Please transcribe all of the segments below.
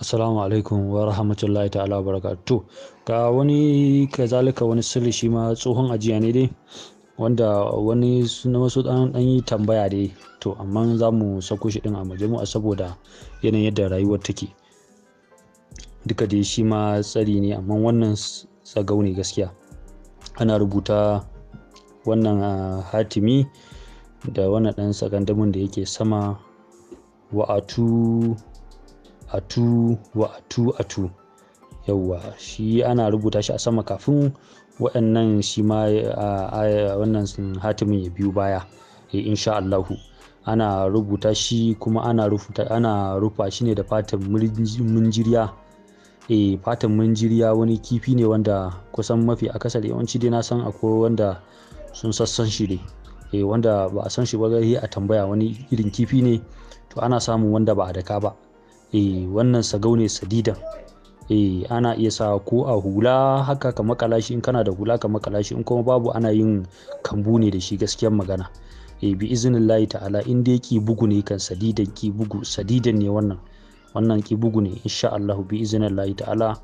assalamu alaikum wa rahmatullahi ta'ala barakatu ga wani kazalika wani sirri shi ma tsohon ajiya ne dai wanda wani na wasu dan yi tambaya dai to amma za mu sako shi din a majmu'a saboda yanayin yadda rayuwar take duka dai shi ma tsari ne amma wannan tsagau ne gaskiya ana rubuta wannan ah, hatimi da wannan dan sakandamin da yake sama wa'atu atu wa atu atu yauwa shi ana rubuta shi a sama kafin waɗannan shi ma wannan hatimin ya biyu baya eh, insha Allahu ana rubuta shi kuma ana rufuta ana rufa shi ne da fatan munjiriya e fatan munjiriya wani kifi ne wanda kusan mafi akasari yawanci dai na san akwai wanda sun sassan shi ne e eh, wanda ba a san shi ba a tambaya wani irin kifi ne to ana samun wanda ba a daka ba eh wannan sagaune ne sadidan eh ana iya sa ko a hula haka ka makala shi in kana da hula ka makala shi in kuma babu ana yin kambu ne da shi gaskiyar magana e bi izinin layi ta'ala in dai ki bugu ne kan sadidan ki bugu sadidan ne wannan wannan ki bugu ne insha Allah bi izinin layi ta'ala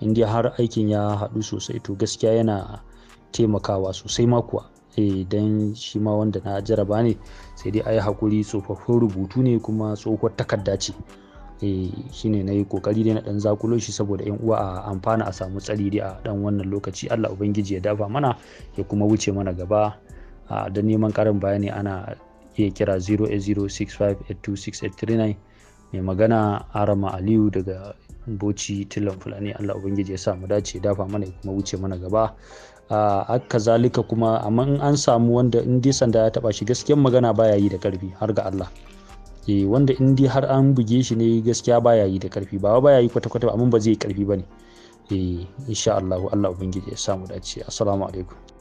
in dai har aikin ya haɗu sosai to gaskiya yana taimakawa sosai ma kuwa eh dan shi ma wanda na jaraba ne sai dai ayi hakuri tsofaffin rubutu ne kuma tsohuwar takarda ce Eh, shine na yi kokari dai na dan zakulo shi saboda yan uwa a amfana a samu tsari dai a dan wannan lokaci Allah ubangiji ya dafa mana ya kuma wuce mana gaba da neman karin bayani ana iya kira 08065826839 mai magana arama aliyu daga boci tilan fulani allah ubangiji ya samu dace dafa mana ya kuma wuce mana gaba haka zalika kuma amma an samu wanda in dai sanda ya taba shi gaskiyan magana baya yi da karfi har ga allah eh wanda in dai har an buge shi ne gaskiya baya yi da karfi ba baya yi kwata kwata amma ba zai yi karfi bane eh insha Allah Allah ubangiji ya samu dace assalamu alaikum